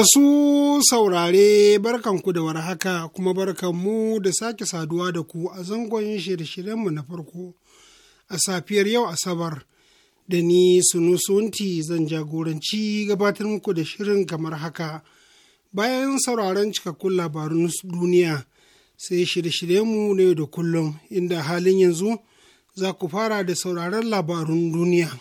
Masu saurare barkanku da warhaka kuma barkanmu da sake saduwa da ku a zangon shirye-shiryenmu na farko a safiyar yau Asabar da ni sunusunti zan jagoranci gabatar muku da shirin kamar haka bayan sauraron cikakkun labarun duniya sai shirye-shiryenmu na yau da kullum inda halin yanzu za ku fara da sauraron labarun duniya.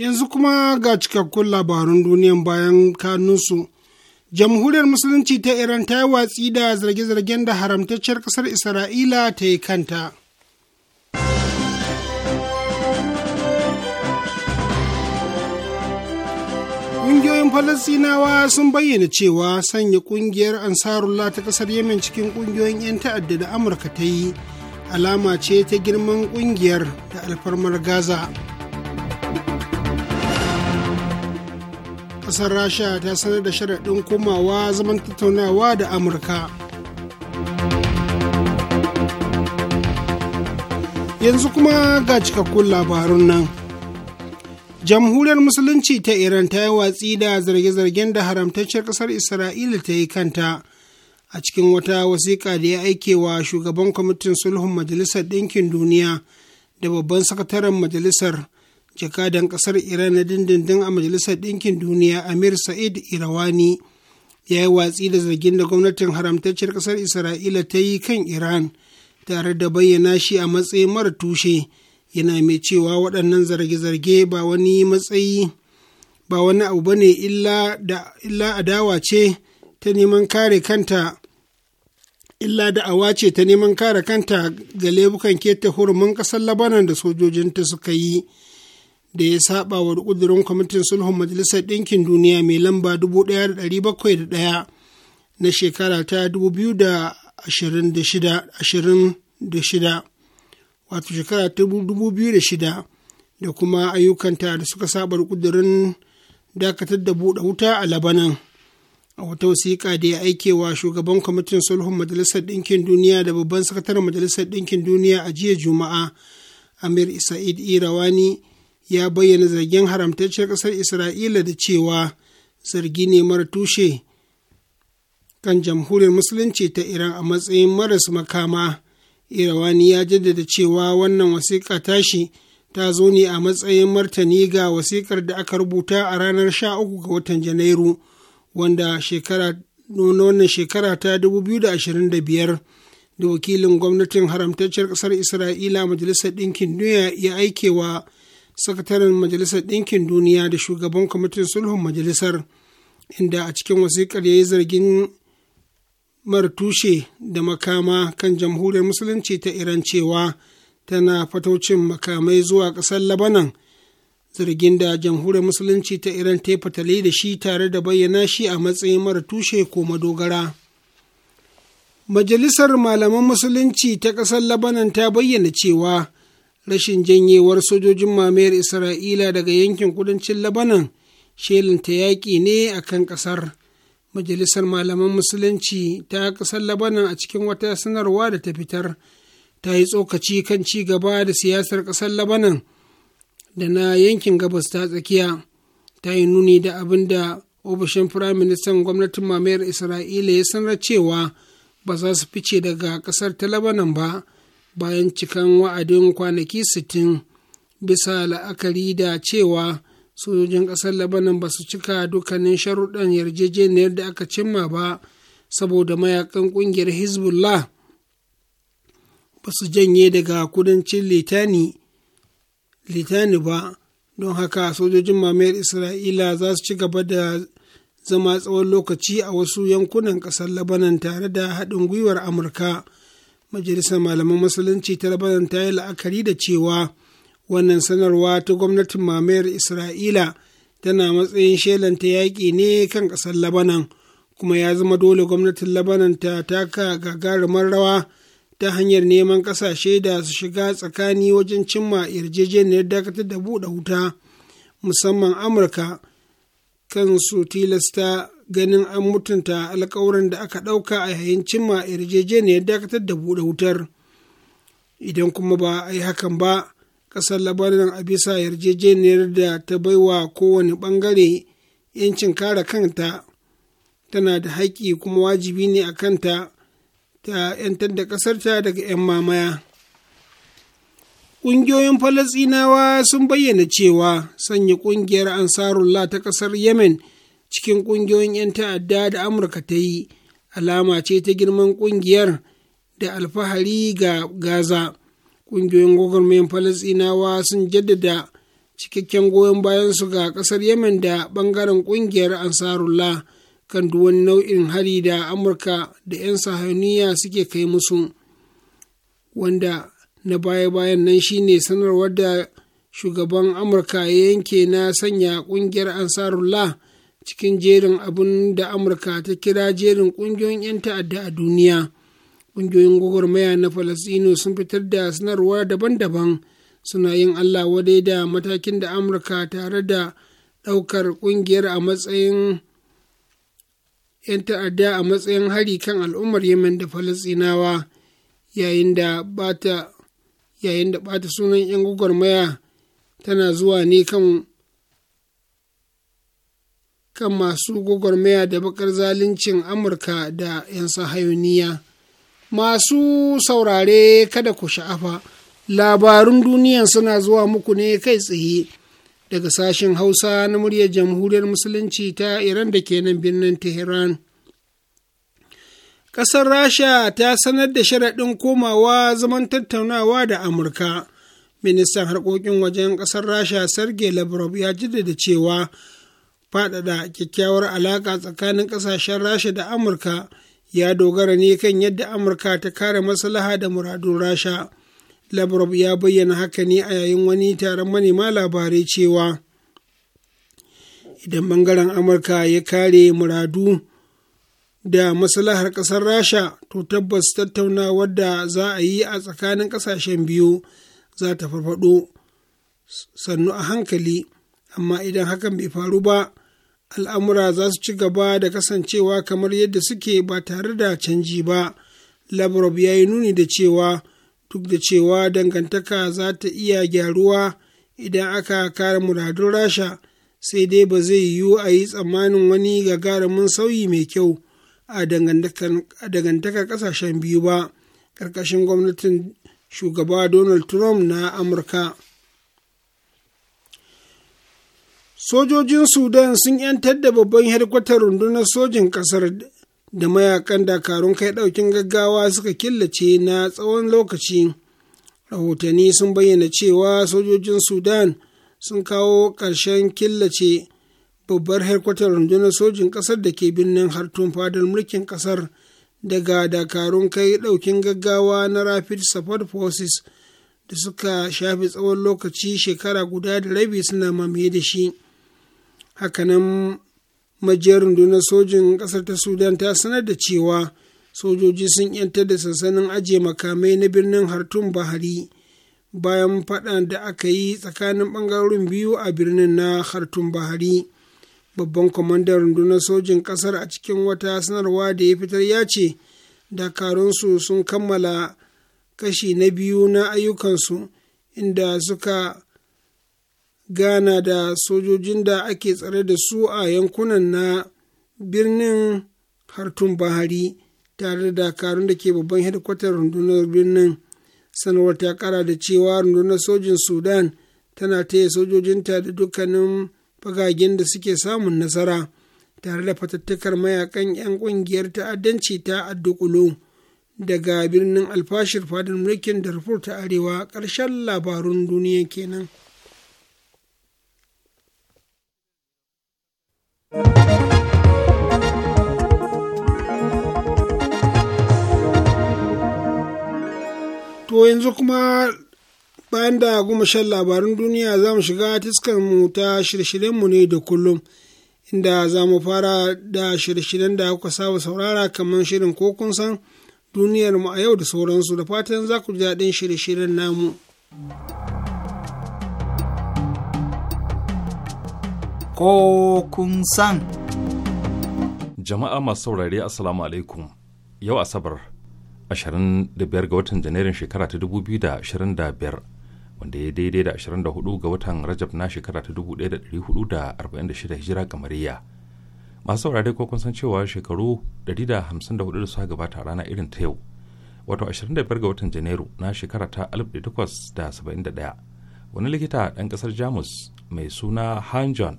Yanzu kuma ga cikakkun labarun duniyan bayan kanunsu. Jamhuriyar Musulunci ta Iran ta yi watsi da zarge-zargen da haramtacciyar ƙasar Isra'ila ta yi kanta. Ƙungiyoyin Falasinawa sun bayyana cewa sanya ƙungiyar Ansarullah ta ƙasar Yemen cikin ƙungiyoyin 'yan ta'adda da Amurka ta yi alama ce ta girman ƙungiyar da alfarmar Gaza. kasar rasha ta sanar da sharaɗin komawa zaman tattaunawa da amurka yanzu kuma ga cikakkun labarun nan jamhuriyar musulunci ta iran ta yi watsi da zarge-zargen da haramtacciyar kasar isra'ila ta yi kanta a cikin wata wasiƙa da ya aike wa shugaban kwamitin sulhun majalisar ɗinkin duniya da babban sakataren majalisar jakadan kasar iran na dindindin a majalisar ɗinkin duniya amir sa'id irawani ya yi watsi da zargin da gwamnatin haramtacciyar kasar isra'ila ta yi kan iran tare da bayyana shi a matsayin mara tushe yana mai cewa waɗannan zarge-zarge ba wani matsayi ba wani abu bane illa da illa ce ta neman kare kanta illa da'awa ce ta neman kare kanta ga lebukan keta hurumin ƙasar labanan da sojojinta suka yi da ya saba wa kudurin kwamitin sulhun majalisar ɗinkin duniya mai lamba 1701 na shekara ta 2026 wato shekara ta 2006 da kuma ayyukanta da suka saba kudurin dakatar da buɗe wuta a labanan a wata wasiƙa da ya aike wa shugaban kwamitin sulhun majalisar ɗinkin duniya da babban sakataren majalisar ɗinkin duniya a jiya juma'a amir isa'id irawani ya bayyana zargin haramtacciyar ƙasar isra'ila da cewa zargi ne mara tushe kan jamhuriyar musulunci ta iran a matsayin maras makama irawani ya jaddada cewa wannan wasiƙa tashi ta zo ne a matsayin martani ga wasiƙar da aka rubuta a ranar 13 ga watan janairu wanda shekara wannan shekara ta 2025 da wakilin gwamnatin haramtacciyar ƙasar isra'ila majalisar ɗinkin duniya ya aikewa sakataren majalisar ɗinkin duniya da shugaban kwamitin sulhun majalisar inda a cikin wasiƙar ya yi zargin martushe da makama kan jamhuriyar musulunci ta iran cewa tana fataucin makamai zuwa ƙasar labanan zargin da jamhuriyar musulunci ta iran ta fatale da shi tare da bayyana shi a matsayin mara tushe ko madogara majalisar malaman musulunci ta ƙasar labanan ta bayyana cewa rashin janyewar sojojin mamayar isra'ila daga yankin kudancin labanan ta yaƙi ne a kan ƙasar majalisar malaman musulunci ta ƙasar labanan a cikin wata sanarwa da ta fitar ta yi tsokaci kan ci gaba da siyasar ƙasar labanan da na yankin gabas ta tsakiya ta yi nuni da abin da ofishin firaministan gwamnatin mamayar isra'ila ya sanar cewa ba za su fice daga ƙasar ta labanan ba bayan cikan wa'adin kwanaki sittin bisa la'akari da cewa sojojin ƙasar labanan ba su cika dukkanin sharuɗan yarjejeniyar da aka cimma ba saboda mayakan ƙungiyar hezbollah ba su janye daga kudancin litani litani ba don haka sojojin mamayar isra'ila za su ci gaba da zama tsawon lokaci a wasu yankunan ƙasar labanan tare da haɗin gwiwar amurka majalisar malaman musulunci ta rabaran ta yi la'akari da cewa wannan sanarwa ta gwamnatin mamayar isra'ila tana matsayin ta yaƙi ne kan ƙasar labanan kuma ya zama dole gwamnatin labanan ta taka gagarumar rawa ta hanyar neman ƙasashe da su shiga tsakani wajen cimma yarjejeniyar dakatar da buɗe wuta musamman amurka kan su tilasta ganin an mutunta alkawarin da aka ɗauka a yayin cimma yarjejeniyar dakatar da buɗe wutar idan kuma ba a yi hakan ba ƙasar labarin a bisa yarjejeniyar da ta baiwa kowane ɓangare yancin kare kanta tana da haƙƙi kuma wajibi ne a kanta ta 'yantar da ƙasarta daga 'yan mamaya. Ƙungiyoyin Falasinawa sun bayyana cewa sanya ƙungiyar Ansarullah ta ƙasar Yemen cikin ƙungiyoyin 'yan ta'adda da amurka ta yi alama ce ta girman ƙungiyar da alfahari ga gaza ƙungiyoyin gwagwarmayin falasinawa sun jaddada cikakken goyon bayansu ga ƙasar yemen da ɓangaren ƙungiyar ansarullah kan duwan nau'in hari da amurka da 'yan sahaniya suke kai musu wanda na baya-bayan nan shine sanarwar da shugaban amurka ya yanke na sanya ƙungiyar ansarullah cikin jerin abin da amurka ta kira jerin ƙungiyoyin 'yan ta'adda a duniya ƙungiyoyin gwagwarmaya na falasino sun fitar da sanarwa daban-daban suna yin allah wadai da matakin da amurka tare da ɗaukar ƙungiyar a matsayin 'yan ta'adda a matsayin hari kan al'ummar yemen da falasinawa yayin da bata yayin da bata sunan 'yan gwagwarmaya tana zuwa ne kan kan masu gwagwarmaya da bakar zaluncin amurka da 'yan sahayoniya. masu saurare kada ku sha'afa labarun duniyan suna zuwa muku ne kai tsaye daga sashen hausa na muryar jamhuriyar musulunci ta iran da ke nan birnin tehran ƙasar rasha ta sanar da sharaɗin komawa zaman tattaunawa da amurka ministan harkokin wajen ƙasar rasha sergei lavrov ya jaddada cewa faɗaɗa kyakkyawar alaƙa tsakanin ƙasashen rasha da amurka ya dogara ne kan yadda amurka ta kare maslaha da muradun rasha lavrov ya bayyana haka ne a yayin wani taron manema labarai cewa idan bangaren amurka ya kare muradu da maslahar ƙasar rasha to tabbas tattauna wadda za a yi a tsakanin ƙasashen biyu za ta farfado sannu a hankali amma idan hakan bai faru ba al'amura za su ci gaba da kasancewa kamar yadda suke ba tare da canji ba lavrov ya yi nuni da cewa duk da cewa dangantaka za ta iya gyaruwa idan aka kare muradun rasha sai dai ba zai yiwu a yi tsammanin wani gagarumin sauyi mai kyau a dangantakar ƙasashen biyu ba ƙarƙashin gwamnatin shugaba donald trump na amurka. sojojin sudan sun yantar da babban hedkwatar rundunar sojin kasar da mayakan dakarun kai daukin gaggawa suka killace na tsawon lokaci rahotanni sun bayyana cewa sojojin sudan sun kawo ƙarshen killace babbar hedkwatar rundunar sojin kasar da ke birnin hartun fadar mulkin kasar daga dakarun kai daukin gaggawa na rapid support forces da suka shafi tsawon lokaci shekara guda da rabi suna mamaye da shi. hakanan majiyar rundunar sojin kasar ta sudan ta sanar da cewa sojoji sun yantar da sansanin ajiye makamai na birnin hartun bahari bayan faɗan da aka yi tsakanin ɓangarorin biyu a birnin na hartun bahari babban kwamandan rundunar sojin kasar a cikin wata sanarwa da ya fitar ya ce dakarunsu sun kammala kashi na biyu na ayyukansu inda suka gana da sojojin da ake tsare da su a yankunan na birnin hartun bahari tare da dakarun da ke babban hedikwatar rundunar birnin sanarwar ta kara da cewa rundunar sojin sudan tana taya sojojinta da dukkanin fagagen da suke samun nasara tare da fatattakar mayakan 'yan kungiyar ta'addanci ta addukulu daga birnin alfashir fadin mulkin darfur ta arewa karshen labarun duniya kenan. To yanzu kuma bayan da goma shan labarin duniya za mu shiga mu ta shirye-shiryenmu ne da kullum inda za mu fara da shirye-shiryen da kuka saba saurara kamar shirin ko kun san duniyarmu a yau da sauransu da fatan za ku ji daɗin shirye-shiryen namu. ko kun san. Jama'a masu saurare Assalamu alaikum yau Asabar 25 ga watan Janairun shekara ta 2025 wanda ya daidai da 24 ga watan Rajab na shekara ta 1446 hijira kamariya. Masu saurare ko kun san cewa shekaru 154 da suka gabata a rana irin ta yau wato 25 ga watan Janairu na shekara ta 1871 wani likita ɗan ƙasar Jamus mai suna Hanjon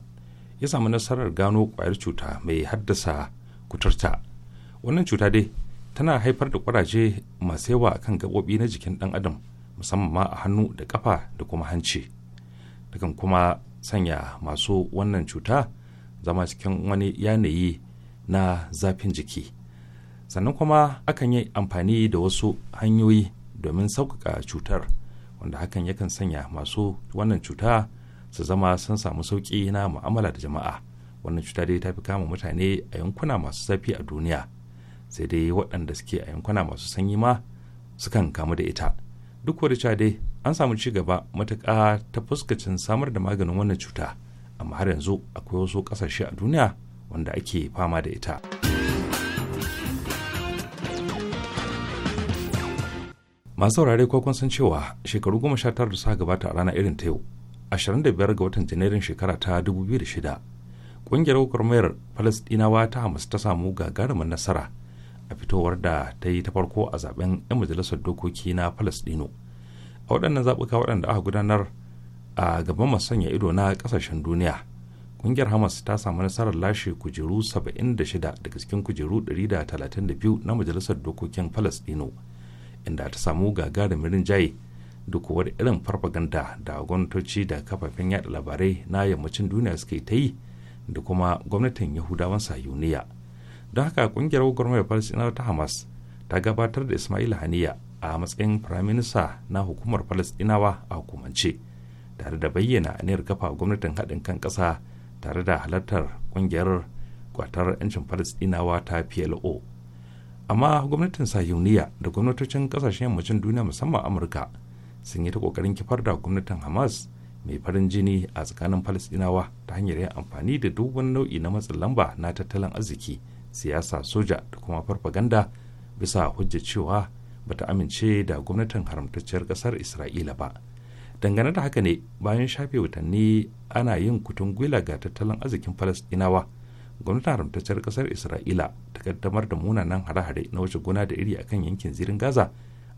ya samu nasarar gano kwayar cuta mai haddasa kuturta wannan cuta dai tana haifar da ƙuraje masu yawa kan gaɓoɓi na jikin ɗan adam musamman ma a hannu da ƙafa da kuma hanci takan kuma sanya masu wannan cuta zama cikin wani yanayi na zafin jiki sannan kuma akan yi amfani da wasu hanyoyi domin sauƙaƙa cutar wanda hakan yakan sanya masu wannan cuta su zama sun samu sauƙi na mu'amala da jama'a wannan cuta dai ta fi kama mutane a yankuna masu zafi a duniya sai dai waɗanda suke a yankuna masu sanyi ma sukan kamu da ita duk wadda cewa dai an samu ci gaba matuƙa ta fuskacin samar da maganin wannan cuta amma har yanzu akwai wasu ƙasashe a duniya wanda ake fama da ita masu saurare ko san cewa shekaru goma sha tara da suka gabata a rana irin ta yau 25 ga watan janairun shekara ta 2006 ƙungiyar gwagwarmayar falasɗinawa ta hamas ta samu gagarumin nasara a fitowar da ta yi ta farko a zaben 'yan majalisar dokoki na falastino a waɗannan zaɓuka waɗanda aka gudanar a gaban masanya ido na ƙasashen duniya ƙungiyar hamas ta samu nasarar lashe kujeru 76 daga cikin kujeru 132 na majalisar dokokin falastino inda ta samu gagarumin rinjaye duk wani irin farfaganda da gwamnatoci da kafafen yada labarai na yammacin duniya suke ta yi da kuma gwamnatin yahudawan sayuniya don haka kungiyar gwamnatin palestinar ta hamas ta gabatar da ismail haniya a matsayin firaminista na hukumar falasɗinawa a hukumance tare da bayyana aniyar kafa gwamnatin haɗin kan ƙasa tare da halartar kungiyar kwatar 'yancin falasɗinawa ta plo amma gwamnatin sayuniya da gwamnatocin ƙasashen yammacin duniya musamman amurka sun yi ta kokarin kifar da gwamnatin hamas mai farin jini a tsakanin falasdinawa ta hanyar yin amfani da duk wani nau'i na matsin lamba na tattalin arziki siyasa soja da kuma farfaganda bisa hujja cewa ba ta amince da gwamnatin haramtacciyar kasar isra'ila ba dangane da haka ne bayan shafe watanni ana yin kutun gwila ga tattalin arzikin falasdinawa gwamnatin haramtacciyar kasar isra'ila ta kaddamar da munanan hare-hare na wuce gona da iri akan yankin zirin gaza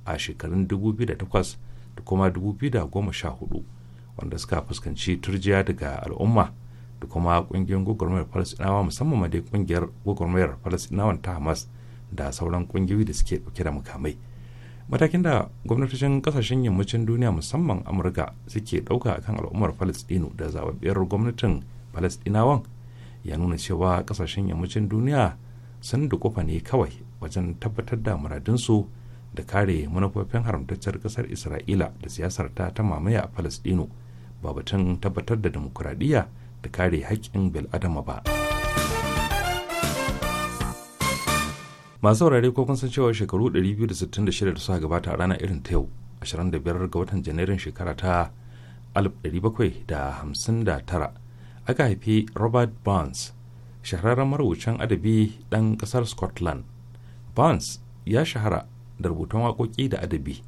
a shekarun 2008 da kuma 2014 wanda suka fuskanci turjiya daga al'umma da kuma kungiyar gwagwarmayar falasinawa musamman ma dai kungiyar gwagwarmayar falasinawan ta hamas da sauran kungiyoyi da suke dauke da mukamai matakin da gwamnatocin kasashen yammacin duniya musamman amurka suke dauka akan al'ummar falastinu da zababbiyar gwamnatin falastinawan ya nuna cewa kasashen yammacin duniya sun da ne kawai wajen tabbatar da muradinsu da kare manufofin haramtaccen kasar isra'ila da siyasar ta ta mamaya a palestino ba batun tabbatar da demokuraɗiyya da kare haƙƙin bil'adama ba masu saurare ko kun san cewa shekaru 266 da suka gabata a ranar irin ta yau 25 ga watan janairun shekara ta 1759 aka haifi robert barnes shahararren marubucin adabi ɗan ƙasar scotland barnes ya shahara da rubutun waƙoƙi da adabi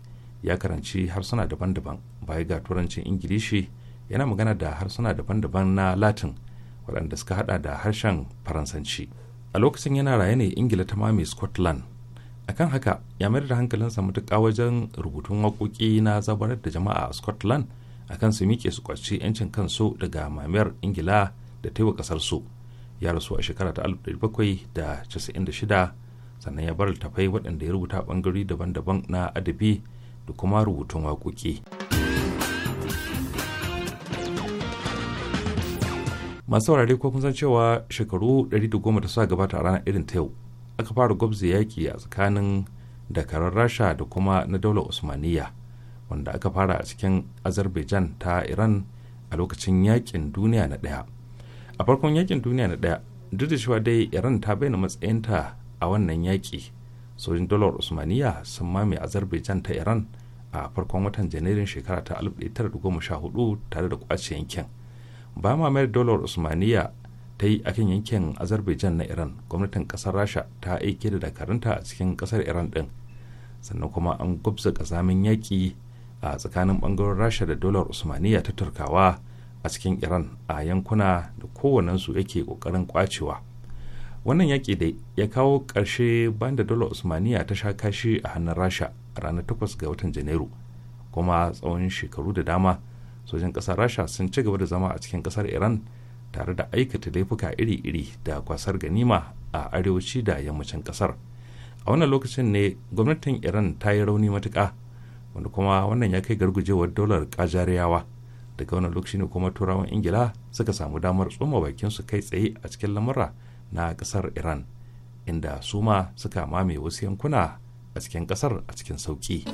ya karanci harsuna daban-daban baya ga turancin ingilishi yana magana da harsuna daban-daban na latin waɗanda suka hada da harshen faransanci a lokacin yana raye ne ingila ta mame scotland akan haka ya mayar da hankalinsa matuƙa wajen rubutun waƙoƙi na zabarar da jama'a a scotland akan su miƙe su kwaci 'yancin kansu daga mamayar ingila da ta yi wa ƙasar su ya rasu a shekara ta 1796 sannan ya bar littafai waɗanda ya rubuta ɓangare daban-daban na adabi da kuma rubutun waƙoƙi. masu saurari ko kun san cewa shekaru 110 da suka gabata a ranar irin ta yau aka fara gwabza yaƙi a tsakanin dakarar rasha da kuma na daular usmaniya wanda aka fara a cikin azerbaijan ta iran a lokacin yaƙin duniya na ɗaya a farkon yaƙin duniya na ɗaya duk da cewa dai iran ta bayyana matsayinta a wannan yaƙi sojin dolar usmaniya sun mame azerbaijan ta iran a farkon watan janairun shekara ta 1914 tare da kwace yankin bayan mamayar dolar usmaniya ta yi akan yankin azerbaijan na iran gwamnatin kasar rasha ta aike da dakarunta a cikin kasar iran din sannan kuma an gwabza kazamin yaƙi a tsakanin bangaren rasha da dolar usmaniya ta turkawa a cikin iran a yankuna da kowannensu yake ƙoƙarin kwacewa. wannan yaƙi da ya kawo ƙarshe bayan da dole usmaniya ta sha kashi a hannun rasha a ranar 8 ga watan janairu kuma tsawon shekaru da dama sojin ƙasar rasha sun ci gaba da zama a cikin ƙasar iran tare da aikata laifuka iri-iri da kwasar ganima a arewaci da yammacin ƙasar a wannan lokacin ne gwamnatin iran ta yi rauni matuka wanda kuma wannan ya kai gargujewar dolar ƙajariyawa daga wannan lokaci ne kuma turawan ingila suka samu damar tsoma bakin su kai tsaye a cikin lamura na ƙasar iran inda su ma suka mame wasu yankuna a cikin ƙasar a cikin sauƙi.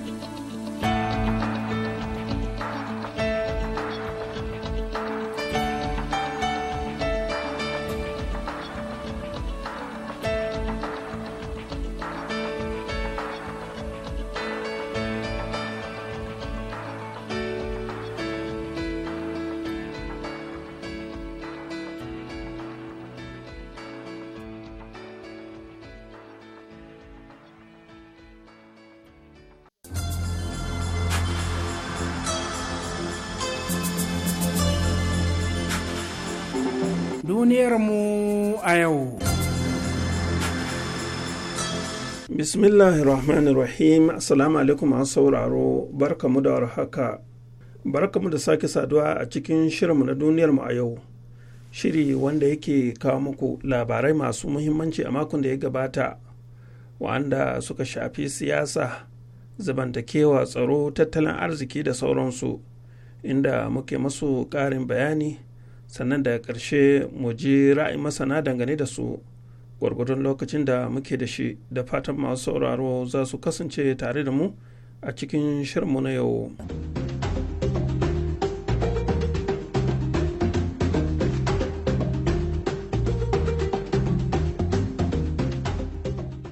mu a yau. Bismillahir Rahmanir Rahim Assalamu alaikum an sauraro barkamu da warhaka. Barkamu da sake saduwa a cikin shirinmu na duniyar mu a yau. Shiri wanda yake kawo muku labarai masu muhimmanci a makon da ya gabata, wa'anda suka shafi siyasa, zabantakewa tsaro, tattalin arziki da sauransu, inda muke masu ƙarin bayani. sannan daga ƙarshe mu ji ra'ayin masana dangane da su gwargwadon lokacin da muke da shi da fatan masu sauraro za su kasance tare da mu a cikin shirinmu na yau.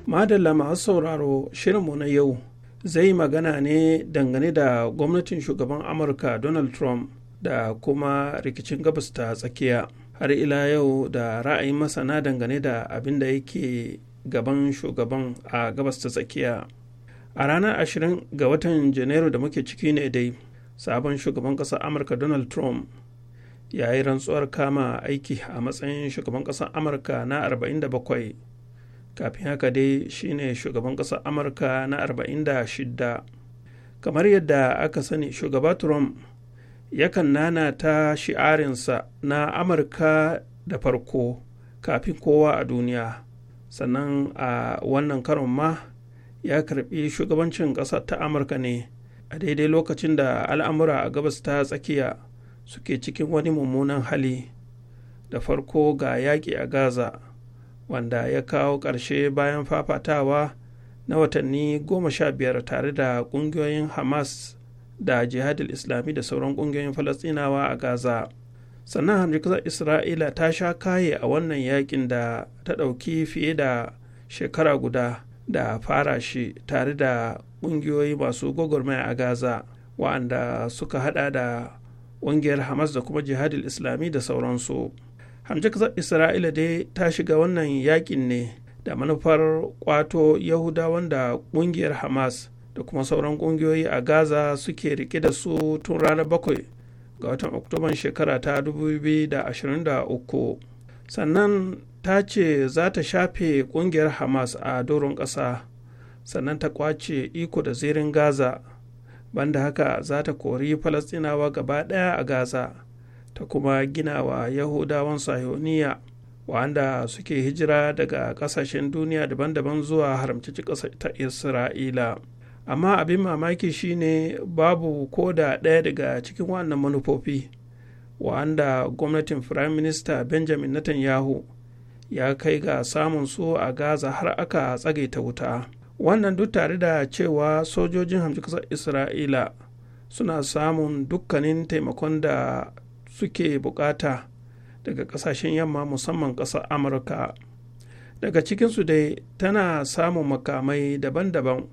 Madalla masu sauraro shirinmu na yau zai magana ne dangane da gwamnatin shugaban Amurka Donald Trump da kuma rikicin gabas ta tsakiya har ila yau da ra'ayin masana dangane da abin da yake gaban shugaban a gabas ta tsakiya a ranar 20 ga watan janairu da muke ciki ne dai sabon shugaban ƙasar amurka donald trump ya yi rantsuwar kama aiki a matsayin shugaban ƙasar amurka na 47 kafin haka dai shine shugaban ƙasar amurka na 46 kamar yadda aka sani shugaba trump yakan nana ta shi'arinsa na amurka da farko kafin kowa a duniya sannan a wannan karon ma ya karbi shugabancin ƙasar ta amurka ne a daidai lokacin da al'amura a gabas ta tsakiya suke cikin wani mummunan hali da farko ga yaƙi a gaza wanda ya kawo ƙarshe bayan fafatawa na watanni goma sha biyar tare da ƙungiyoyin hamas da jihadul islami da sauran ƙungiyoyin falastinawa a gaza sannan hamjikasar isra'ila ta sha kaye a wannan yakin da ta ɗauki fiye da shekara guda da fara shi tare da ƙungiyoyi masu gwagwarmaya a gaza wa'anda suka hada da ƙungiyar hamas da kuma jihadul islami da sauransu hamjikasar isra'ila dai ta shiga wannan yakin ne da manufar kwato yahudawan da ƙungiyar hamas da kuma sauran kungiyoyi a gaza suke rike da su tun ranar bakwai ga watan oktoban shekara ta 2023 sannan ta ce za ta shafe kungiyar hamas a doron ƙasa sannan ta kwace iko da zirin gaza banda haka za ta kori falastinawa gaba ɗaya a gaza ta kuma gina wa yahudawan sahioniya wanda suke hijira daga ƙasashen duniya daban-daban zuwa haramci ƙasa ta isra'ila amma abin mamaki shine babu ko da ɗaya daga cikin wannan manufofi wanda gwamnatin firayim minista benjamin netanyahu ya kai ga samun su a gaza har aka tsage ta wuta wannan duk tare da cewa sojojin hamshi ƙasar isra'ila suna samun dukkanin taimakon da suke bukata daga kasashen yamma musamman ƙasar amurka daga cikinsu dai tana samun makamai daban-daban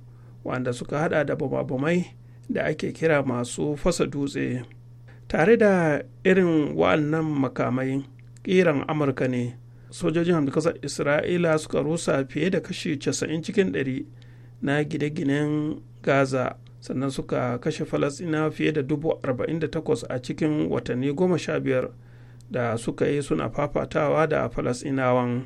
wanda suka hada da bamabamai da ake kira masu fasa dutse tare da irin wa'annan makamai kiran amurka ne sojojin hamdukasar isra'ila suka rusa fiye da kashi 90 cikin 100 na gine-ginen gaza sannan suka kashe falasina fiye da 48,000 a cikin watanni 15 da suka yi suna fafatawa da falasinawan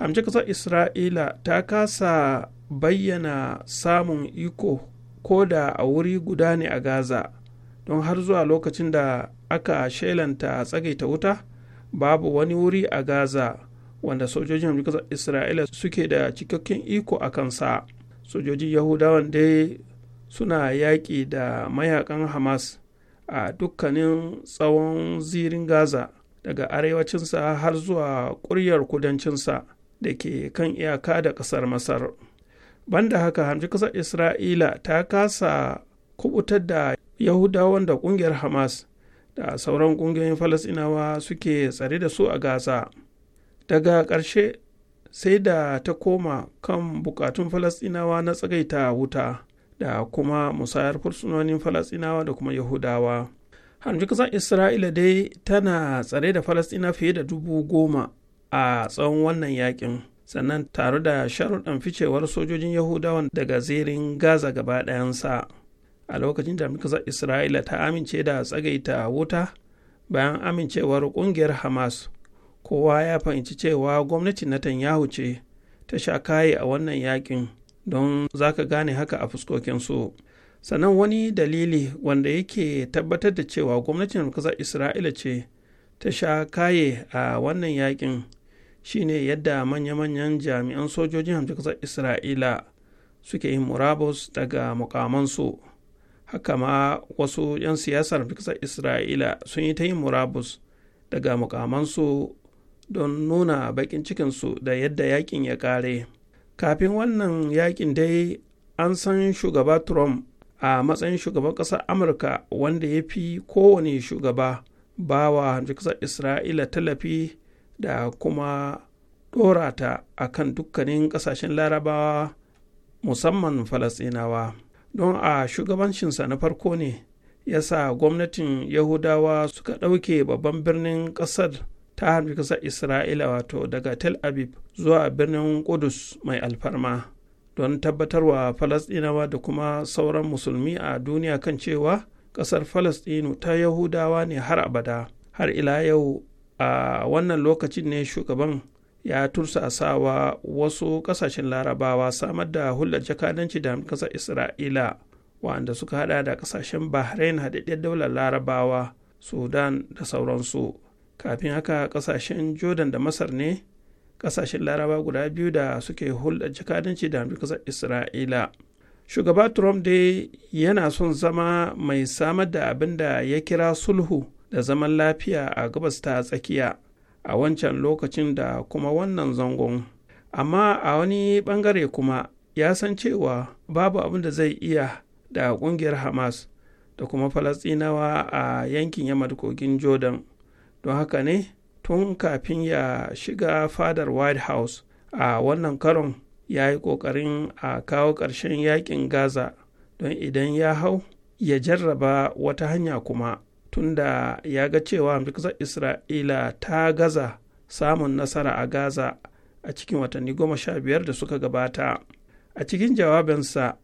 Kasar isra'ila ta kasa bayyana samun iko ko da a wuri guda ne a gaza don har zuwa lokacin da aka shelanta tsagaita wuta babu wani wuri a gaza wanda sojojin amurka isra'ila suke da cikakken iko a kansa sojojin yahudawan dai suna yaƙi da mayakan hamas a dukkanin tsawon zirin gaza daga arewacinsa har zuwa ƙuryar kudancinsa da ke kan iyaka da ƙasar masar. banda haka hamji kasar isra'ila ta kasa kubutar da Yahudawa da kungiyar hamas da sauran kungiyoyin falasinawa suke tsare da su a gaza daga ƙarshe sai da ta koma kan bukatun falasinawa na tsagaita wuta da kuma musayar fursunonin falasinawa da kuma yahudawa hamji kasar isra'ila dai tana tsare da falasina fiye da dubu goma a tsawon wannan yakin sannan tare da sharuɗan ficewar sojojin yahudawan daga zirin gaza gaba ɗayansa a lokacin da ƙasar isra'ila ta amince da tsagaita wuta bayan amincewar ƙungiyar hamas kowa ya fahimci cewa gwamnati netanyahu ce ta sha kaye a wannan yakin don za ka gane haka a fuskokinsu sannan wani dalili wanda yake tabbatar da cewa gwamnatin ƙasar isra'ila ce ta sha kaye a wannan yakin shine yadda manya-manyan jami'an sojojin hamshin kasar isra'ila suke yin murabus daga mukamansu haka ma wasu 'yan siyasar kasar isra'ila sun yi ta yin murabus daga mukamansu don nuna baƙin cikinsu da yadda yakin ya ƙare kafin wannan yakin dai an san shugaba trump a matsayin shugaban ƙasar amurka wanda ya fi kowane shugaba bawa ƙasar isra'ila tallafi da kuma ɗora ta a kan dukkanin ƙasashen larabawa musamman falasinawa don a shugabancinsa na farko ne ya sa gwamnatin yahudawa suka ɗauke babban birnin ƙasar ta harbi ƙasar isra'ila wato daga tel aviv zuwa birnin kudus mai alfarma don tabbatarwa falasɗinawa da kuma sauran musulmi a duniya kan cewa ƙasar falasɗinu ta yahudawa ne har abada har ila yau a wannan lokacin ne shugaban ya tursa sawa wasu kasashen larabawa samar da hular jakadanci da kasar isra'ila wanda suka hada da kasashen bahrain hadaddiyar daular larabawa sudan da sauransu kafin haka kasashen jordan da masar ne kasashen laraba guda biyu da suke hulɗa jakadanci da kasar isra'ila shugaba trump dai yana son zama mai samar da abin da ya kira sulhu da zaman lafiya a gabas ta tsakiya a wancan lokacin da kuma wannan zangon amma a wani bangare kuma ya san cewa babu abin da zai iya da kungiyar hamas da kuma falasɗinawa a yankin yamma kogin jordan don haka ne tun kafin ya shiga fadar white house a wannan karon ya yi ƙoƙarin a kawo ƙarshen yakin gaza don idan ya hau ya jarraba wata hanya kuma tunda ya ga cewa mikzar isra'ila ta gaza samun nasara a gaza a cikin watanni goma sha biyar da suka gabata a cikin jawabinsa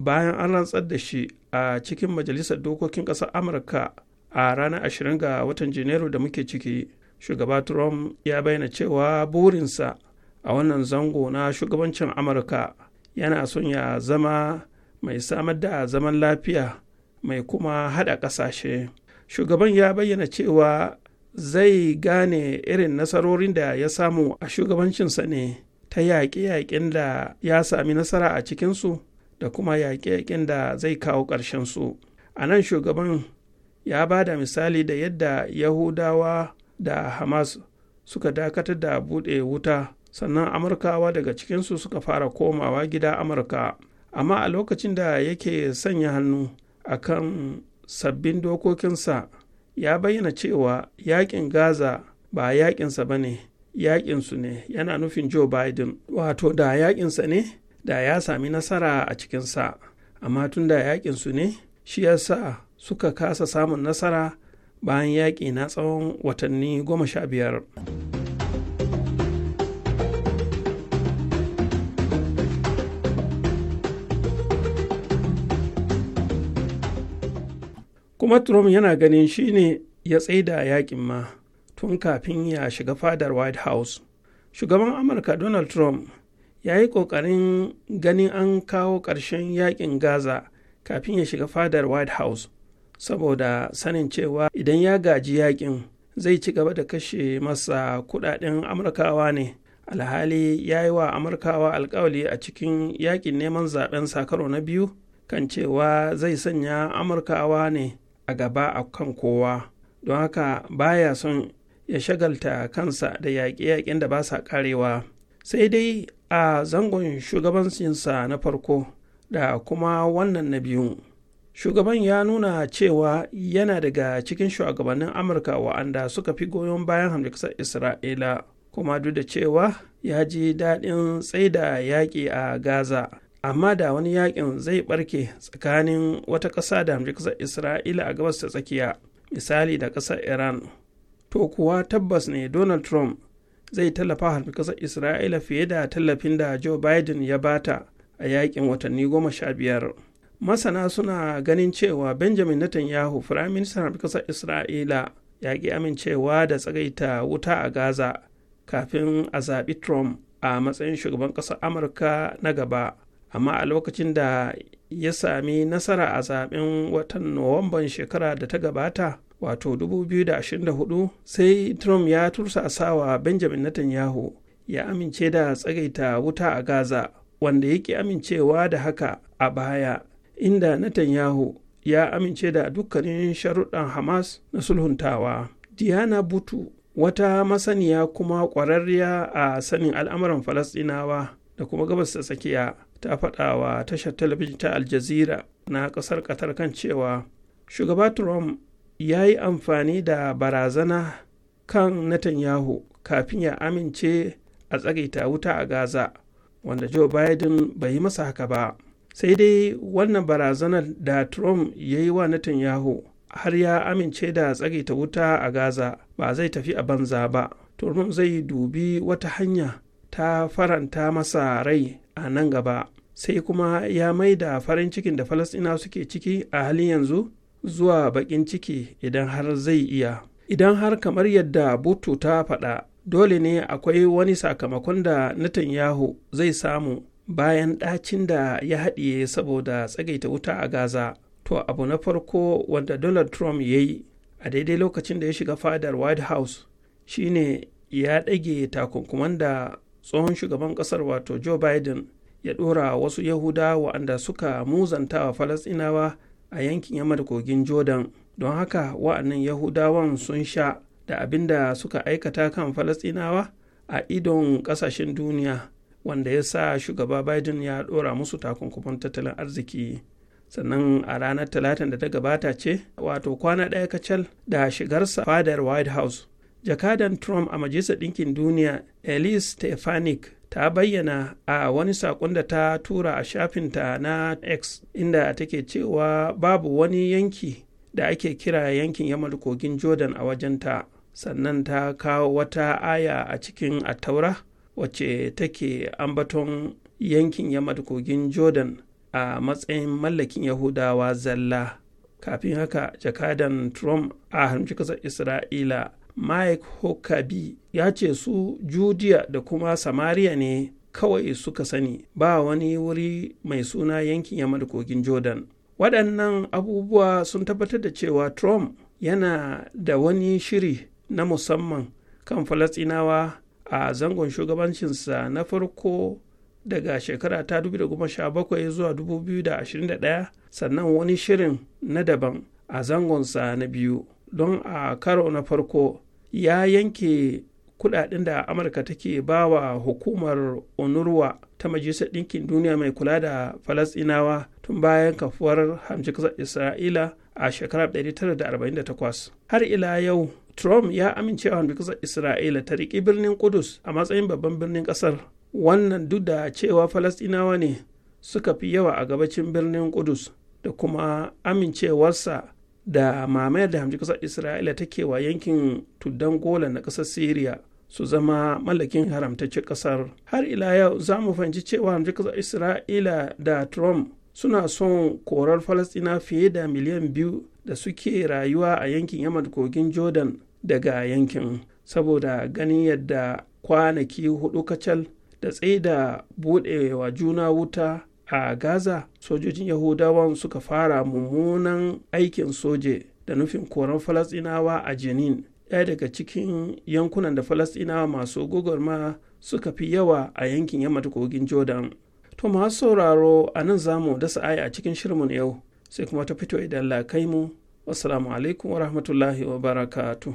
bayan an rantsar da shi a cikin majalisar dokokin ƙasar amurka a ranar 20 ga watan janairu da muke ciki shugaba trump ya bayyana cewa burinsa a wannan zango na shugabancin amurka yana son ya zama mai samar da zaman lafiya mai kuma haɗa ƙasashe. shugaban ya bayyana cewa zai gane irin nasarorin da ya samu a shugabancinsa ne ta yaƙe-yaƙen da ya sami nasara a cikinsu da kuma yaƙe-yaƙen da zai kawo ƙarshensu a nan shugaban ya ba da misali da yadda yahudawa da hamas suka dakatar da buɗe wuta sannan amurkawa daga cikinsu suka fara komawa gida amurka amma a lokacin da yake sanya hannu akan. sabbin dokokinsa ya bayyana cewa yakin gaza ba yakinsa ba ne yakinsu ne yana nufin joe biden wato da yakinsa ne da ya sami nasara a cikinsa amma tun da yakinsu ne shi ya sa suka kasa samun nasara bayan yaƙi na tsawon watanni goma sha biyar. kuma trump yana ganin shine ya tsaida yakin ma tun kafin ya shiga fadar white house shugaban amurka donald trump ya yi kokarin ganin an kawo ƙarshen yakin gaza kafin ya shiga fadar white house saboda sanin cewa idan ya gaji yakin zai ci gaba da kashe masa kudaden amurkawa ne alhali ya yi wa amurkawa alkawali a cikin yakin neman zaben sakaro na biyu kan cewa zai sanya amurkawa ne a gaba a kan kowa don haka baya son ya shagalta kansa da yaƙe-yaƙen da ba sa ƙarewa sai dai a zangon shugabancinsa na farko da kuma wannan na biyu shugaban ya nuna cewa yana daga cikin shugabannin amurka wa'anda suka fi goyon bayan hamdukasar isra'ila kuma duk da cewa ya ji daɗin tsaida yaƙi a gaza amma da wani yakin zai barke tsakanin wata ƙasa da amurka isra'ila a gabas ta tsakiya misali da ƙasar iran to kuwa tabbas ne donald trump zai tallafa hamjikasar isra'ila fiye da tallafin da joe biden ya bata a yakin watanni goma sha biyar masana suna ganin cewa benjamin netanyahu firayim ministan ƙasar isra'ila ya ƙi amincewa da tsagaita wuta a gaza kafin a zaɓi trump a matsayin shugaban ƙasar amurka na gaba amma a lokacin da ya sami nasara a zaben watan nuwamban shekara da ta gabata wato 2024 sai trump ya wa benjamin netanyahu ya amince da tsagaita wuta a gaza wanda yake amincewa da haka a baya inda netanyahu ya amince da dukkanin sharuɗan hamas na sulhuntawa diana butu wata masaniya kuma ƙwararriya a sanin al'amuran falasɗinawa da kuma gabas ta tsakiya ta faɗa wa tashar talabijin ta al na ƙasar qatar kan cewa shugaba trump ya yi amfani da barazana kan netanyahu kafin ya amince a tsagaita wuta a gaza wanda joe biden bai yi masa haka ba sai dai wannan barazanar da trump ya yi wa netanyahu har ya amince da tsagaita wuta a gaza ba zai tafi a banza ba trump zai dubi wata hanya ta faranta masa rai a nan gaba sai kuma ya mai da farin cikin da falasina suke ciki a halin yanzu zuwa bakin ciki idan har zai iya idan har kamar yadda butu ta faɗa dole ne akwai wani sakamakon da yahu zai samu bayan ɗacin da ya haɗiye saboda tsagaita wuta a Gaza. To abu na farko wanda Donald Trump ya yi a daidai lokacin da ya shiga fadar White House shine ya ɗage takunkuman da tsohon shugaban kasar wato joe biden ya ɗora wasu yahuda wa'anda suka muzanta wa falasɗinawa a yankin yamma kogin jordan don haka wa'annan yahudawan sun sha da abin da suka aikata kan falasɗinawa a idon kasashen duniya wanda ya sa shugaba biden ya dora musu takunkuman tattalin arziki sannan a ranar talatin da ta gabata ce wato kwana ɗaya kacal da shigarsa fadar white house jakadan trump a majalisar ɗinkin duniya elise stefanik ta bayyana a wani saƙon da ta tura a shafinta na x inda take cewa babu wani yanki da ake kira yankin yamal kogin jordan a wajenta sannan ta kawo wata aya a cikin attaura wacce take ambaton yankin yamal kogin jordan a matsayin mallakin yahudawa zalla kafin haka jakadan trump a hamshi kasar isra'ila mike hokabi ya ce su judea da kuma samaria ne kawai suka sani ba wani wuri mai suna yankin yamma da kogin jordan waɗannan abubuwa sun tabbatar da cewa trump yana da wani shiri na musamman kan falasinawa a zangon shugabancinsa na farko daga shekara ta 2017 zuwa 2021 sannan wani shirin na daban a zangonsa na biyu don a karo na farko ya yanke kudaden da amurka take ba wa hukumar onurwa ta majalisar ɗinkin duniya mai kula da falasinawa tun bayan kafuwar hamji ƙasar isra'ila a shekarar 1948 har ila yau trump ya amince wa ƙasar isra'ila ta riƙi birnin kudus a matsayin babban birnin ƙasar wannan duk da cewa falasinawa ne suka fi yawa a gabacin birnin kudus da kuma amincewarsa da mamayar da hamji kasar isra'ila take wa yankin tuddan gola na ƙasar syria su zama mallakin haramtaccen kasar. har ila yau za mu fahimci cewa hamji kasar isra'ila da trump suna son korar falastina fiye da miliyan biyu da suke rayuwa a yankin yamma kogin jordan daga yankin saboda ganin yadda kwanaki hudu kacal da tsaida buɗewa juna wuta a gaza sojojin yahudawan suka fara mummunan aikin soje da nufin koran falasinawa a jenin ɗaya daga cikin yankunan da falasinawa masu gugurma suka fi yawa a yankin yammata kogin jordan to masu sauraro a nan zamu dasa aya a cikin na yau sai kuma ta fito idan la kai mu wasu alaikum wa rahmatullahi wa barakatuh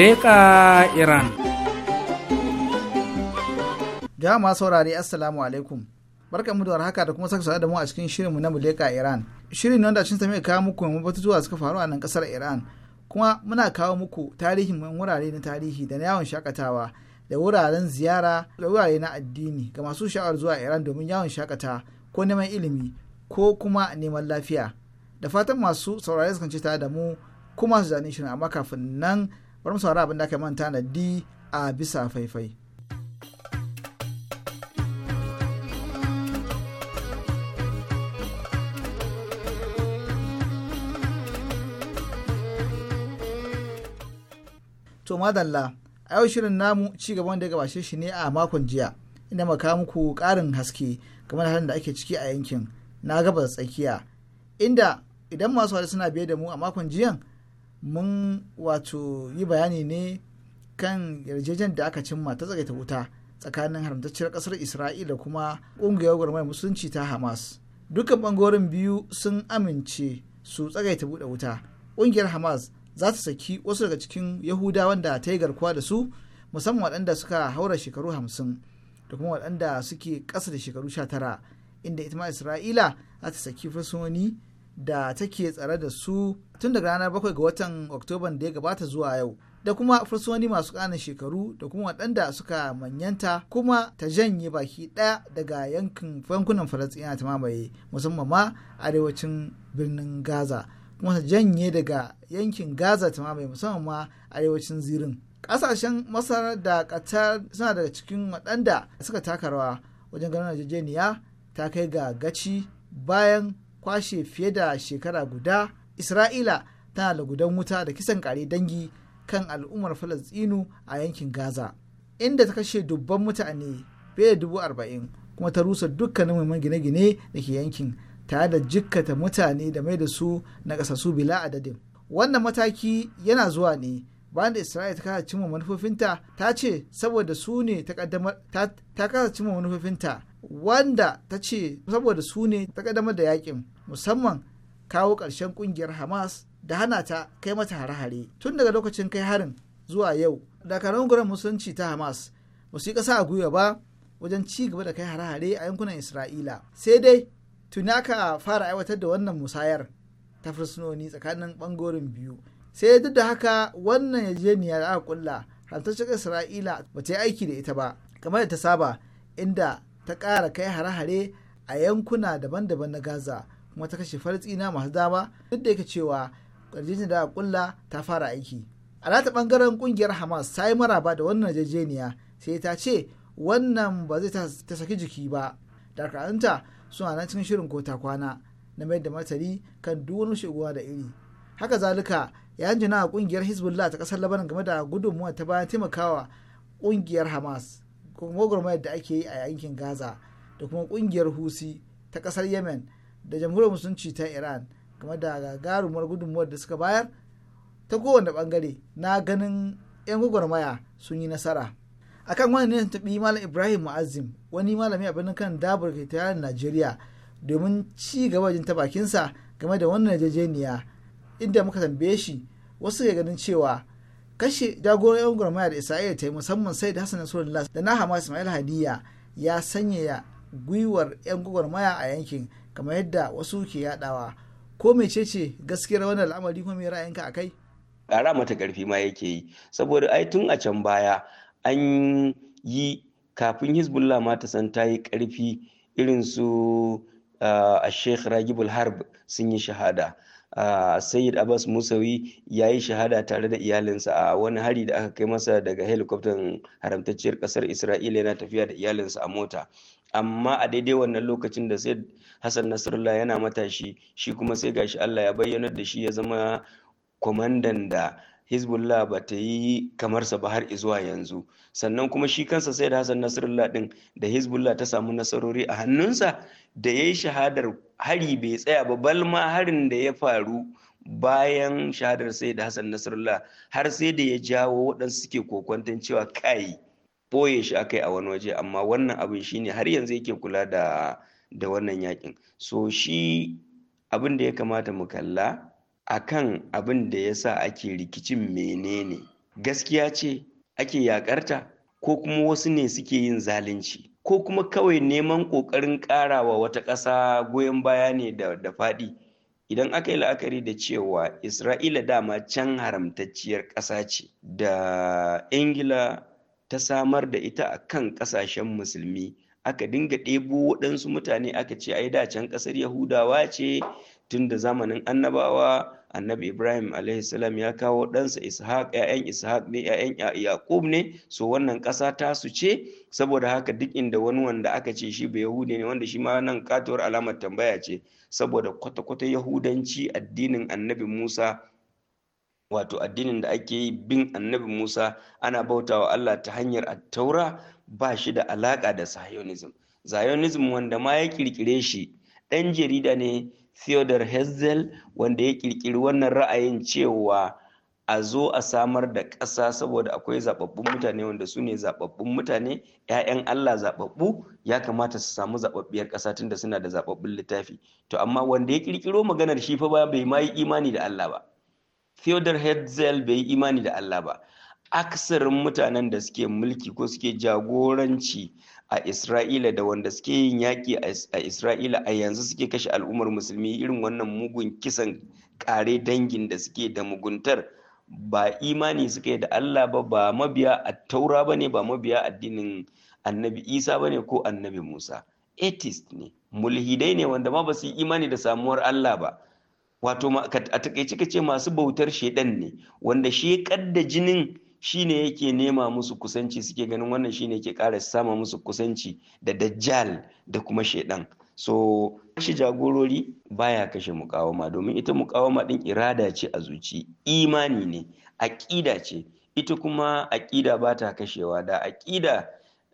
leƙa iran jama'a saurari assalamu alaikum barkan mu da warhaka da kuma saka da mu a cikin shirinmu na muleka iran shirin wanda da cin mai kawo muku mu batutuwa suka faru a nan kasar iran kuma muna kawo muku tarihin wurare na tarihi da na yawon shakatawa da wuraren ziyara da wurare na addini ga masu sha'awar zuwa iran domin yawon shakata ko neman ilimi ko kuma neman lafiya da fatan masu saurari su kan ce tare da mu kuma su zane shirin amma kafin nan bari mu saurari abin da aka manta na di a bisa faifai. To madalla, a yau shirin namu ci gaban da ya gabashe shi ne a makon jiya, inda maka muku ƙarin haske game da halin da ake ciki a yankin na gabas tsakiya, inda idan masu suna biye da mu a makon jiyan mun wato yi bayani ne kan yarjejen da aka cimma ta tsagaita wuta tsakanin haramtacciyar kasar isra'ila kuma ƙungiyar gwamnati musulunci ta hamas dukkan bangoren biyu sun amince su tsagaita buɗe wuta ƙungiyar hamas za ta saki wasu daga cikin yahudawan da ta yi garkuwa da su musamman waɗanda suka haura shekaru hamsin da kuma waɗanda suke ƙasa da shekaru sha tara inda ita ma isra'ila za ta saki fursunoni da take tsare da su tun daga ranar 7 ga watan oktoban da ya gabata zuwa yau da kuma fursoni masu ƙanin shekaru da kuma waɗanda suka manyanta kuma ta janye baki ɗaya daga yankin yankunan falasɗina ta mamaye musamman ma arewacin birnin gaza kuma ta janye daga yankin gaza ta mamaye musamman ma arewacin zirin ƙasashen masar da ƙatar suna daga cikin waɗanda suka taka rawa wajen ganin yarjejeniya ta kai ga gaci bayan kwashe fiye da shekara guda isra'ila tana da gudan wuta da kisan kare dangi kan al'ummar falastinu a yankin gaza inda ta kashe dubban mutane fiye da dubu arba'in kuma ta rusa dukkanin muhimman gine-gine da ke yankin tare da jikkata mutane da mai da su na ƙasasu bila adadin wannan mataki yana zuwa ne bayan da isra'ila ta kasa cimma manufofinta ta ce saboda su ne ta kasa cimma manufofinta wanda ta ce saboda su ne ta ƙaddamar da yakin musamman kawo ƙarshen ƙungiyar hamas da hana ta kai mata hare-hare tun daga lokacin kai harin zuwa yau dakarun gurin musulunci ta hamas ba su yi ƙasa a gwiwa ba wajen ci gaba da kai hare-hare a yankunan isra'ila sai dai tuni aka fara aiwatar da wannan musayar ta fursunoni tsakanin ɓangoren biyu sai duk da haka wannan yarjejeniya da aka kulla cikin isra'ila ba ta yi aiki da ita ba kamar da ta saba inda ta ƙara kai hare-hare a yankuna daban-daban na gaza kuma ta kashe na masu dama duk da yake cewa ƙarjejin da kulla ta fara aiki a ɓangaren ƙungiyar hamas ta yi maraba da wannan yarjejeniya sai ta ce wannan ba zai ta saki jiki ba dakarunta suna nan cikin shirin kota kwana na mayar da martani kan duk wani da iri haka zalika ya jina a ƙungiyar hezbollah ta ƙasar labanan game da gudunmuwa ta bayan taimakawa ƙungiyar hamas gwagwarmayar da ake yi a yankin gaza da kuma kungiyar husi ta kasar yemen da jamhuriyar musulunci ta iran game da gagarumar gudunmuwar da suka bayar ta kowane bangare na ganin 'yan gwagwarmaya sun yi nasara akan wani ne tabi malam ibrahim mu'azzim wani malami a birnin kan dabar ta tayarin najeriya domin ci gaba jin ta bakinsa game da wannan yarjejeniya inda muka tambaye shi wasu ke ganin cewa kashe jagoran yan gwamnati da isra'ila ta yi musamman sai da hassan las da na hamas ismail hadiya ya sanyaya gwiwar yan gwamnati a yankin kamar yadda wasu ke yadawa ko mecece gaskiyar wannan al'amari kuma me ra'ayinka akai ƙara mata ƙarfi ma yake yi saboda ai tun a can baya an yi kafin hezbollah ma ta san ta yi ƙarfi irin su a ah, sheikh ragibul harb sun yi shahada sayyid abbas musawi ya yi shahada tare da iyalinsa a wani hari da aka kai masa daga helikoftan haramtacciyar kasar isra'ila yana tafiya da iyalinsa a mota amma a daidai wannan lokacin da sai hassan nasrullah yana matashi shi kuma sai gashi allah ya bayyanar da shi ya zama kwamandan da hezbollah ba ta yi kamarsa ba har zuwa yanzu sannan kuma shi kansa sai da hassan nasrullah din da hezbollah ta samu nasarori a hannunsa da ya yi shahadar hari bai tsaya ba balma harin da ya faru bayan shahadar sai da hassan nasarullah har sai da ya jawo waɗansu suke kokwantan cewa kai ɓoye shi kai a wani waje amma wannan abin shine har yanzu yake kula da da wannan yakin so shi abin da ya kamata mu kalla akan abin da ya sa ake rikicin menene gaskiya ce ake yakarta ko kuma wasu ne suke yin zalunci ko kuma kawai neman ƙoƙarin ƙarawa wata ƙasa goyon baya ne da faɗi idan aka yi la'akari da cewa isra'ila dama can haramtacciyar ƙasa ce da ingila ta samar da ita a kan ƙasashen musulmi aka dinga ɗebo waɗansu mutane aka ce ai da can ƙasar yahudawa ce tun da zamanin annabawa annabi ibrahim alaihissalam ya kawo ɗansa ishaq ‘ya'yan ishaq ne ‘ya'yan yaqub ne so wannan ƙasa ta su ce saboda haka duk inda wani wanda aka ce shi bai yahudi ne wanda shi ma nan katuwar alamar tambaya ce saboda kwata-kwata yahudanci addinin annabi musa wato addinin da ake yi bin annabi musa ana bautawa allah ta hanyar attaura ba shi da alaƙa da zionism zionism wanda ma ya ƙirƙire shi ɗan jarida ne Theodore herzl wanda ya kirkiri wannan ra'ayin cewa a zo a samar da ƙasa saboda akwai zababbun mutane wanda su ne zababbun mutane 'ya'yan Allah zababbu ya kamata su samu zababbiyar ƙasa tunda suna da zababbun littafi to amma wanda ya kirkiro maganar shi fa ba bai ma yi imani da Allah ba Theodor Herzl bai yi imani da Allah ba aksarin mutanen da suke mulki ko suke jagoranci a Isra'ila da wanda suke yin yaƙi a Isra'ila a yanzu suke kashe al'ummar musulmi irin wannan mugun kisan ƙare dangin da suke da muguntar ba imani suka yi da Allah ba ba mabiya a taura ba ne ba mabiya addinin annabi Isa ba ne ko annabi Musa atheist ne mulhidai ne wanda ma ba su yi imani da samuwar Allah ba wato a takaice ce masu bautar shedan ne wanda shi da jinin shine yake nema musu kusanci suke ganin wannan shine yake ƙara sama musu kusanci da dajjal da kuma shaidan so shi jagorori baya kashe mukawama domin ita mukawama din irada ce a zuci imani ne aƙida ce ita kuma aƙida ba ta kashewa da aƙida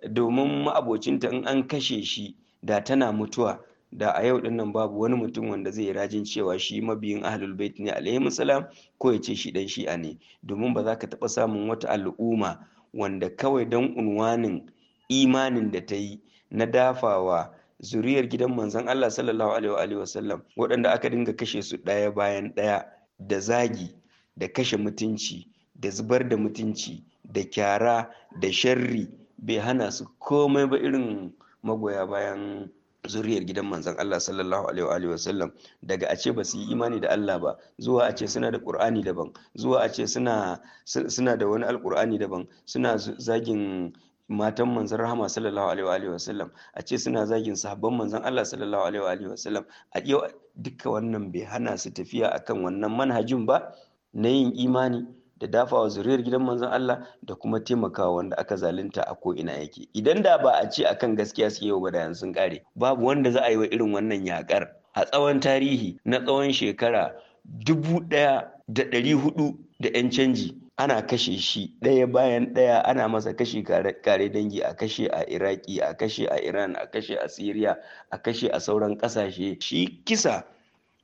domin ma'abocinta in an kashe shi da tana mutuwa da a yau dinnan babu wani mutum wanda zai rajin cewa shi mabiyin ahlul bait ne alaihi salam ko ya ce shi dan shi'a ne domin ba za ka taɓa samun wata al'umma wanda kawai dan unwanin imanin da ta yi na dafawa zuriyar gidan manzon Allah sallallahu alaihi wasallam waɗanda aka dinga kashe su ɗaya bayan ɗaya da zagi da kashe mutunci da zubar da mutunci da kyara da sharri bai hana su komai ba irin magoya bayan zuriyar gidan manzon Allah sallallahu alaihi wa sallam daga a ce ba su yi imani da Allah ba zuwa a ce suna da Qur'ani daban zuwa a ce suna suna da wani alqur'ani daban suna zagin matan manzon rahama sallallahu alaihi wa sallam a ce suna zagin sahabban manzon Allah sallallahu alaihi wa sallam a yau duka wannan bai hana su tafiya akan wannan manhajin ba na yin imani da dafawa zuriyar gidan manzon Allah da kuma taimakawa wanda aka zalunta a ko ina yake idan da ba a ce akan gaskiya suke yau ba da sun kare babu wanda za a yi wa irin wannan yakar a tsawon tarihi na tsawon shekara dubu ɗaya da ɗari hudu da 'yan canji ana kashe shi ɗaya bayan ɗaya ana masa kashe kare dangi a kashe a iraki a kashe a iran a kashe a Siriya, a kashe a sauran ƙasashe shi kisa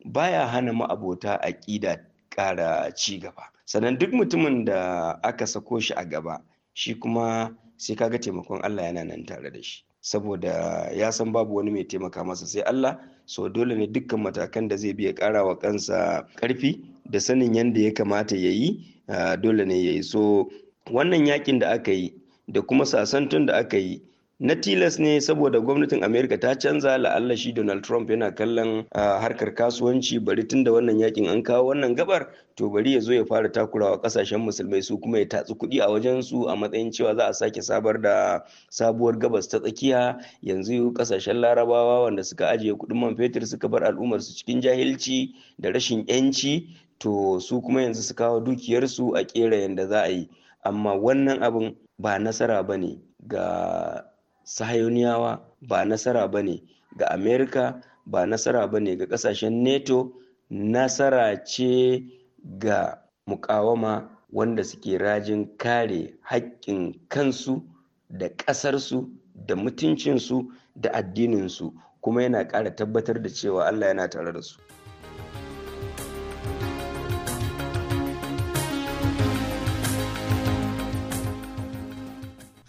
baya hana ma'abota aƙida ƙara ci gaba sannan duk mutumin da aka sako shi a gaba shi kuma sai kaga taimakon Allah yana nan tare da shi saboda ya san babu wani mai taimaka masa sai Allah so dole ne dukkan matakan da zai biya wa kansa karfi da sanin yadda ya kamata ya yi ah, dole ne ya yi so wannan yakin da aka yi da kuma sasantun da aka yi na tilas ne saboda gwamnatin Amerika ta canza la'alla shi donald trump yana kallon harkar kasuwanci bari tun da wannan yakin an kawo wannan gabar to bari ya zo ya fara takurawa kasashen musulmai su kuma ya tatsi kuɗi a wajen su a matsayin cewa za a sake sabar da sabuwar gabas ta tsakiya yanzu kasashen larabawa wanda suka ajiye kuɗin man fetur suka bar al'ummar su cikin jahilci da rashin yanci to su kuma yanzu su kawo dukiyarsu a kera yadda za a yi amma wannan abin ba nasara ba ne ga sahayoniyawa ba nasara ba ne ga amerika ba nasara ba ne ga kasashen nato nasara ce ga mukawama wanda suke rajin kare haƙƙin kansu da ƙasarsu da mutuncinsu da addininsu kuma yana ƙara tabbatar da cewa allah yana tare da su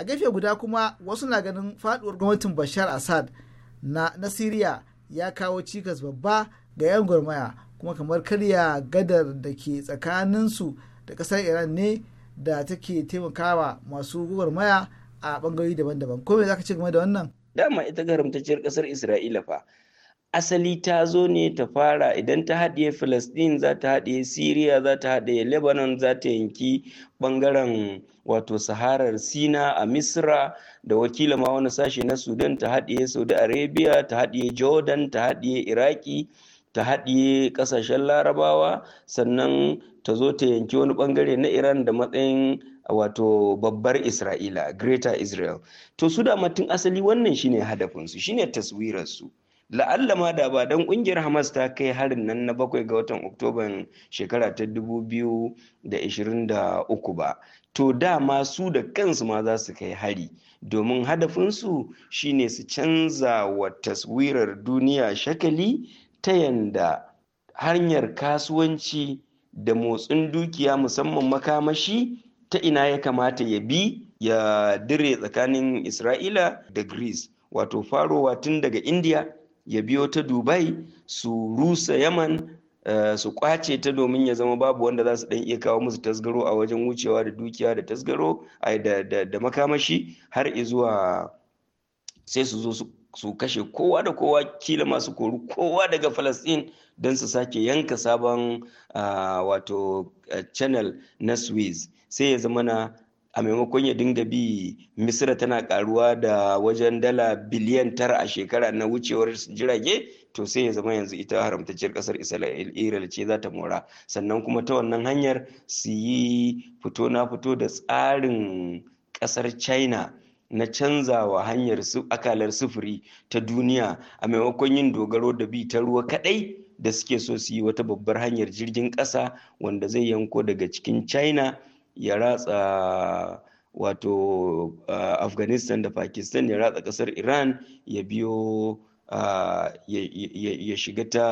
a gefe guda kuma wasu na ganin faduwar gwamnatin bashar assad na, na siriya ya kawo cikas babba ga 'yan gwarmaya kuma kamar karya gadar da ke tsakaninsu da kasar iran ne da take taimakawa masu gwagwarmaya a bangarori daban-daban kome me za ka ce game da wannan dama ita garamtacciyar kasar isra'ila fa asali ta zo ne ta fara idan ta haɗiye Filistin za ta haɗiye Siriya za ta haɗiye Lebanon za ta yanki ɓangaren wato Saharar Sina a Misra da wakila ma wani sashe na Sudan ta haɗiye Saudi Arabia ta haɗiye Jordan ta haɗiye Iraki ta haɗiye ƙasashen Larabawa sannan ta zo ta yanki wani ɓangare na Iran da matsayin wato babbar Isra'ila Greater Israel to su da matun asali wannan shine hadafinsu shine taswirarsu. la'alla ma da ba dan kungiyar hamas ta kai harin nan na bakwai ga watan oktoban shekara ta 2023 ba to dama su da kansu ma za su kai hari domin hadafinsu shine su canza wa taswirar duniya shakali ta yanda hanyar kasuwanci da motsin dukiya musamman makamashi ta ina ya kamata ya bi ya dire tsakanin isra'ila da greece wato farowa tun daga india ya biyo ta dubai su rusa yaman eh, su kwace ta domin ya zama babu wanda za su dan iya kawo musu tasgaro a wajen wucewa da dukiya da tasgaro da, makamashi har izuwa sai su zo su kashe kowa da kowa kila masu koru kowa daga falastin don su sake yanka sabon uh, wato uh, channel na swiss sai ya zama na a maimakon ya dinga bi misira tana karuwa da wajen dala biliyan tara a shekara na wucewar jirage to sai ya zama yanzu ita haramtacciyar kasar isra'ila ce za ta mora sannan kuma ta wannan hanyar su yi fito na fito da tsarin kasar china na canza wa hanyar akalar sufuri ta duniya a maimakon yin dogaro da bi ta ruwa kadai da suke so su yi wata babbar hanyar jirgin kasa wanda zai yanko daga cikin china ya ratsa wato uh, afghanistan da pakistan ya ratsa kasar iran ya biyo uh, ya shiga ta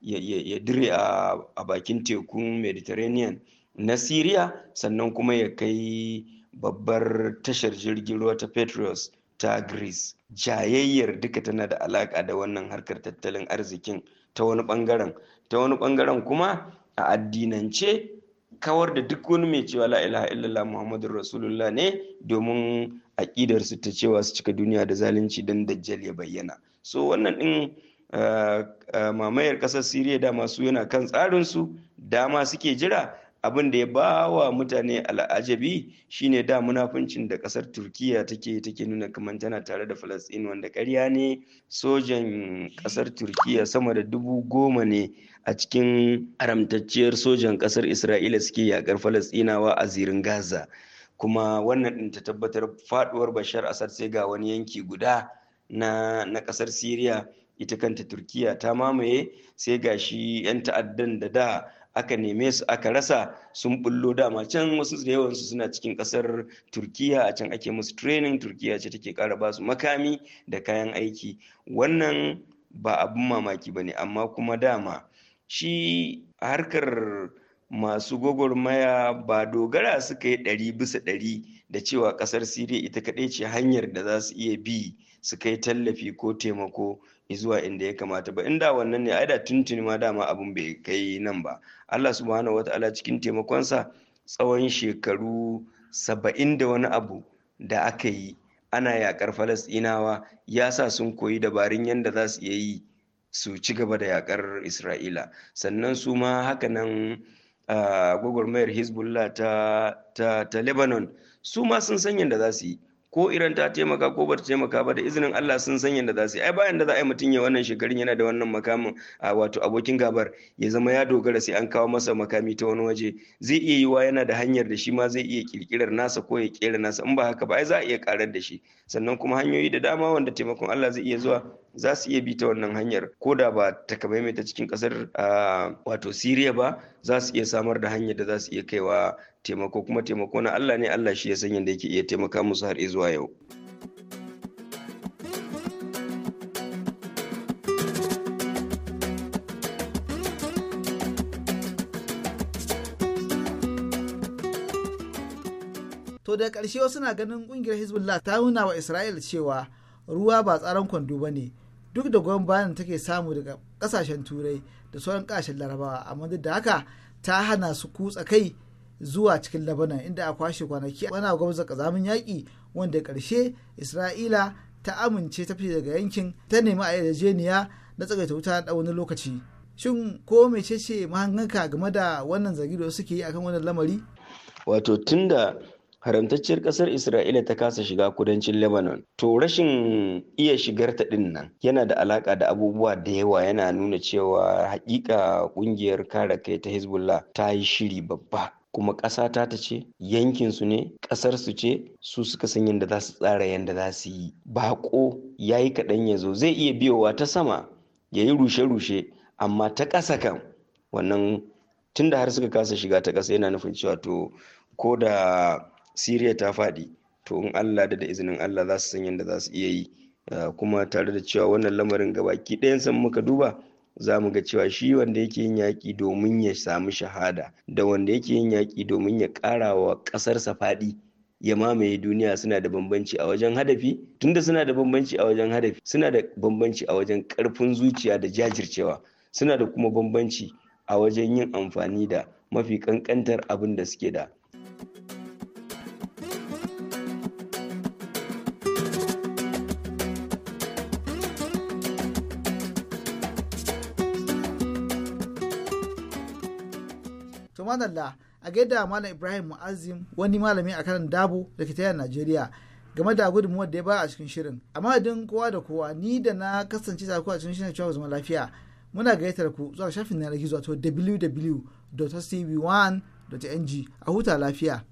ya dire a, a bakin tekun mediterranean na syria sannan kuma ya kai babbar tashar jirgin ruwa ta petros ta greece jayayyar duka tana da alaka da wannan harkar tattalin arzikin ta wani bangaren ta wani bangaren kuma a addinance kawar da duk wani mai cewa la ilaha illallah muhammadur rasulullah ne domin aƙidar su ta cewa su cika duniya da zalunci dan dajjal ya bayyana so wannan din eh, eh, mamayar ƙasar siriya dama su yana kan tsarin su dama suke jira abin da ya ba wa mutane al'ajabi shine da munafuncin da kasar turkiya take take nuna kamar tana tare da falastin wanda karya ne sojan kasar turkiya sama da dubu goma ne a cikin haramtacciyar sojan kasar isra'ila suke yakar falastinawa a zirin gaza kuma wannan ɗin ta tabbatar faɗuwar bashar asad sai ga wani yanki guda na, na kasar syria ita kanta turkiya ta mamaye sai ga shi 'yan ta'addan da da aka neme su aka rasa sun bullo dama can wasu da yawansu suna cikin kasar turkiya a can ake musu training turkiya ce take kara ba su makami da kayan aiki wannan ba abin mamaki ba ne amma kuma dama shi harkar masu gwagwarmaya ba dogara suka yi ɗari bisa ɗari da cewa ƙasar siriya ita kaɗai ce hanyar da za su iya bi su kai tallafi ko taimako zuwa inda ya kamata ba inda wannan ne da tuntuni ma dama abin bai kai nan ba Allah subhanahu wataala cikin taimakonsa tsawon shekaru saba'in da wani abu da aka yi ana yakar falasɗinawa ya sa sun koyi dabarun yadda za su yi su ci gaba da yakar isra'ila sannan su ma hakanan gwagwarmayar hezbollah ta lebanon su ma sun san yadda za su yi ko iran ta taimaka ko ba ta taimaka ba da izinin Allah sun san yadda za su yi ai bayan da za a yi mutum ya wannan shekarun yana da wannan makamin a wato abokin gabar ya zama ya dogara sai an kawo masa makami ta wani waje zai iya yiwa yana da hanyar da shi ma zai iya kirkirar nasa ko ya kera nasa in ba haka ba ai za a iya karar da shi sannan kuma hanyoyi da dama wanda taimakon Allah zai iya zuwa za su iya bi ta wannan hanyar ko da ba ta mai ta cikin kasar wato siriya ba za su iya samar da hanyar da za su iya kaiwa taimako kuma taimako na Allah ne Allah shi ya san yadda yake iya taimaka musu har zuwa yau to da ƙarshe wasu na ganin ƙungiyar hezbollah ta nuna wa isra'il cewa ruwa ba tsaron kwando ba ne duk da goyon bayan take samu daga ƙasashen turai da sauran ƙasashen larabawa amma duk da haka ta hana su kutsa kai zuwa cikin labanan inda a kwashe kwanaki ana gwamza kazamin yaƙi wanda ƙarshe isra'ila ta amince ta fice daga yankin ta nemi a yarjejeniya na tsagaita wuta na wani lokaci shin ko mecece mahanganka game da wannan zargi suke yi akan wannan lamari wato tunda haramtacciyar kasar isra'ila ta kasa shiga kudancin lebanon to rashin iya shigar ta din nan yana da alaka da abubuwa da yawa yana nuna cewa haƙiƙa ƙungiyar kare kai ta hezbollah ta yi shiri babba kuma ƙasa ta ta ce yankin su ne ƙasar su ce su suka san yadda za su tsara yadda za su yi baƙo ya yi kaɗan ya zo zai iya biyowa ta sama ya yi rushe-rushe amma ta ƙasa kan wannan tun da har suka kasa shiga ta ƙasa yana nufin cewa to ko da siriya ta faɗi to in allah da da izinin allah za su san yadda za su iya yi kuma tare da cewa wannan lamarin gabaki ɗayan san muka duba za mu ga cewa shi wanda yake yin yaƙi domin ya samu shahada da wanda yake yin yaƙi domin ya ƙara wa ƙasarsa faɗi ya mamaye duniya suna da bambanci a wajen hadafi tunda suna da bambanci a wajen hadafi suna da bambanci a wajen ƙarfin zuciya da jajircewa suna da kuma bambanci a wajen yin amfani da mafi ƙanƙantar abin da suke da. madalla a gaida malam ibrahim mu'azzim wani malami a kanan dabo da ke tayar najeriya game da gudunmuwar da ya ba a cikin shirin amma din kowa da kowa ni da na kasance ku a cikin shirin cewa zama lafiya muna gayyatar ku zuwa shafin na gizo wato www.tv1.ng a huta lafiya